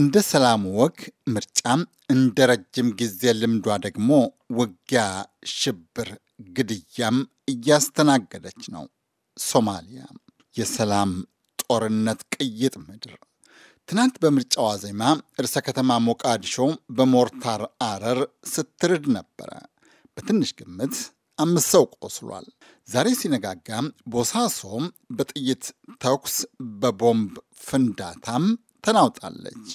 እንደ ሰላም ወግ ምርጫም፣ እንደ ረጅም ጊዜ ልምዷ ደግሞ ውጊያ፣ ሽብር፣ ግድያም እያስተናገደች ነው ሶማሊያ፣ የሰላም ጦርነት ቅይጥ ምድር። ትናንት በምርጫዋ ዜማ እርሰ ከተማ ሞቃዲሾ በሞርታር አረር ስትርድ ነበረ። በትንሽ ግምት አምስት ሰው ቆስሏል። ዛሬ ሲነጋጋ ቦሳሶ በጥይት ተኩስ፣ በቦምብ ፍንዳታም ተናውጣለች።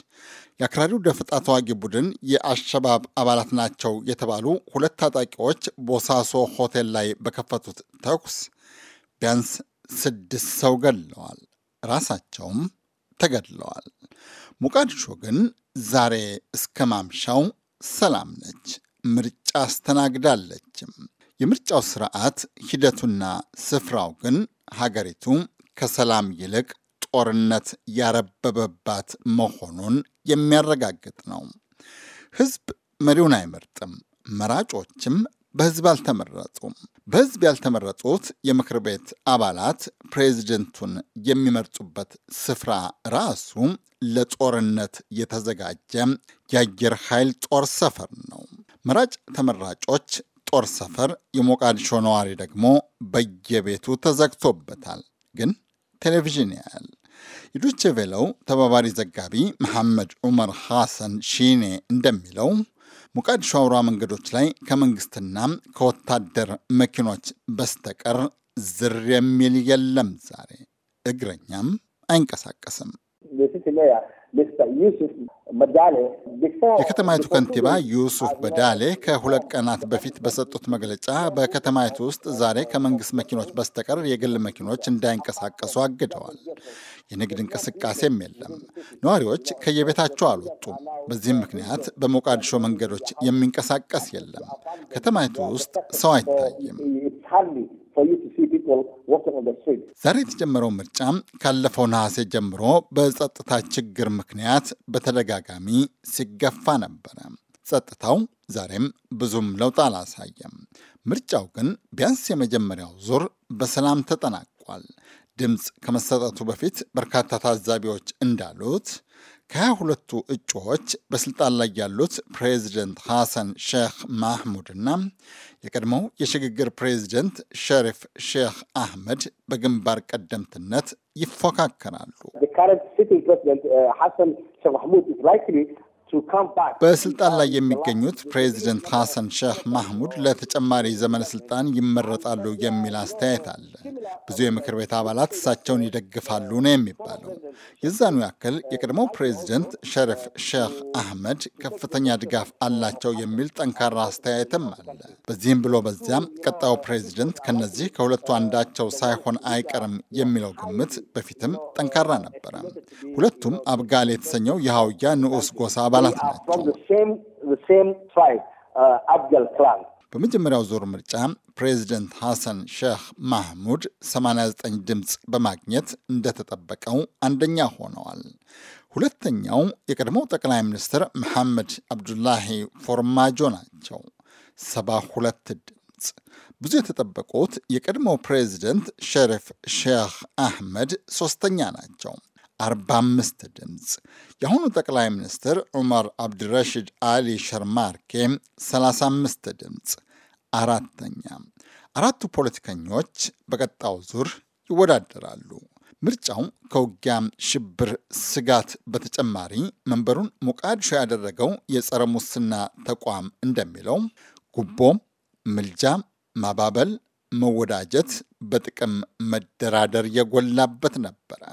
የአክራሪው ደፈጣ ተዋጊ ቡድን የአሸባብ አባላት ናቸው የተባሉ ሁለት ታጣቂዎች ቦሳሶ ሆቴል ላይ በከፈቱት ተኩስ ቢያንስ ስድስት ሰው ገድለዋል፣ ራሳቸውም ተገድለዋል። ሙቃዲሾ ግን ዛሬ እስከ ማምሻው ሰላም ነች። ምርጫ አስተናግዳለችም። የምርጫው ስርዓት ሂደቱና ስፍራው ግን ሀገሪቱ ከሰላም ይልቅ ጦርነት ያረበበባት መሆኑን የሚያረጋግጥ ነው። ህዝብ መሪውን አይመርጥም፣ መራጮችም በህዝብ አልተመረጡም። በህዝብ ያልተመረጡት የምክር ቤት አባላት ፕሬዚደንቱን የሚመርጡበት ስፍራ ራሱ ለጦርነት የተዘጋጀ የአየር ኃይል ጦር ሰፈር ነው። መራጭ ተመራጮች ጦር ሰፈር፣ የሞቃዲሾ ነዋሪ ደግሞ በየቤቱ ተዘግቶበታል፣ ግን ቴሌቪዥን ያያል። የዶቼ ቬለው ተባባሪ ዘጋቢ መሐመድ ዑመር ሐሰን ሺኔ እንደሚለው ሞቃዲሾ አውራ መንገዶች ላይ ከመንግስትና ከወታደር መኪኖች በስተቀር ዝር የሚል የለም። ዛሬ እግረኛም አይንቀሳቀስም። የከተማይቱ ከንቲባ ዩሱፍ በዳሌ ከሁለት ቀናት በፊት በሰጡት መግለጫ በከተማይቱ ውስጥ ዛሬ ከመንግስት መኪኖች በስተቀር የግል መኪኖች እንዳይንቀሳቀሱ አግደዋል። የንግድ እንቅስቃሴም የለም። ነዋሪዎች ከየቤታቸው አልወጡም። በዚህም ምክንያት በሞቃዲሾ መንገዶች የሚንቀሳቀስ የለም። ከተማይቱ ውስጥ ሰው አይታይም። ዛሬ የተጀመረው ምርጫ ካለፈው ነሐሴ ጀምሮ በጸጥታ ችግር ምክንያት በተደጋጋሚ ሲገፋ ነበረ። ጸጥታው ዛሬም ብዙም ለውጥ አላሳየም። ምርጫው ግን ቢያንስ የመጀመሪያው ዙር በሰላም ተጠናቋል። ድምፅ ከመሰጠቱ በፊት በርካታ ታዛቢዎች እንዳሉት ከሁለቱ እጩዎች በስልጣን ላይ ያሉት ፕሬዚደንት ሐሰን ሼክ ማህሙድ እና የቀድሞው የሽግግር ፕሬዚደንት ሸሪፍ ሼክ አህመድ በግንባር ቀደምትነት ይፎካከራሉ። በስልጣን ላይ uh, የሚገኙት ፕሬዚደንት ሐሰን ሼህ ማህሙድ ለተጨማሪ ዘመነ ስልጣን ይመረጣሉ የሚል አስተያየት አለ። ብዙ የምክር ቤት አባላት እሳቸውን ይደግፋሉ ነው የሚባለው። የዛኑ ያክል የቀድሞው ፕሬዚደንት ሸሪፍ ሼህ አህመድ ከፍተኛ ድጋፍ አላቸው የሚል ጠንካራ አስተያየትም አለ። በዚህም ብሎ በዚያም ቀጣዩ ፕሬዚደንት ከነዚህ ከሁለቱ አንዳቸው ሳይሆን አይቀርም የሚለው ግምት በፊትም ጠንካራ ነበረ። ሁለቱም አብጋል የተሰኘው የሀውያ ንዑስ ጎሳ አባል አባላት ናቸው። uh, በመጀመሪያው ዙር ምርጫ ፕሬዚደንት ሐሰን ሼህ ማህሙድ 89 ድምፅ በማግኘት እንደተጠበቀው አንደኛ ሆነዋል። ሁለተኛው የቀድሞው ጠቅላይ ሚኒስትር መሐመድ አብዱላሂ ፎርማጆ ናቸው፣ 72 ድምፅ። ብዙ የተጠበቁት የቀድሞው ፕሬዚደንት ሸሪፍ ሼህ አህመድ ሶስተኛ ናቸው፣ 45 ድምፅ። የአሁኑ ጠቅላይ ሚኒስትር ዑመር አብድረሽድ አሊ ሸርማርኬ 35 ድምፅ፣ አራተኛ። አራቱ ፖለቲከኞች በቀጣው ዙር ይወዳደራሉ። ምርጫው ከውጊያም ሽብር ስጋት በተጨማሪ መንበሩን ሞቃዲሾ ያደረገው የጸረ ሙስና ተቋም እንደሚለው ጉቦ፣ ምልጃ፣ ማባበል፣ መወዳጀት፣ በጥቅም መደራደር የጎላበት ነበረ።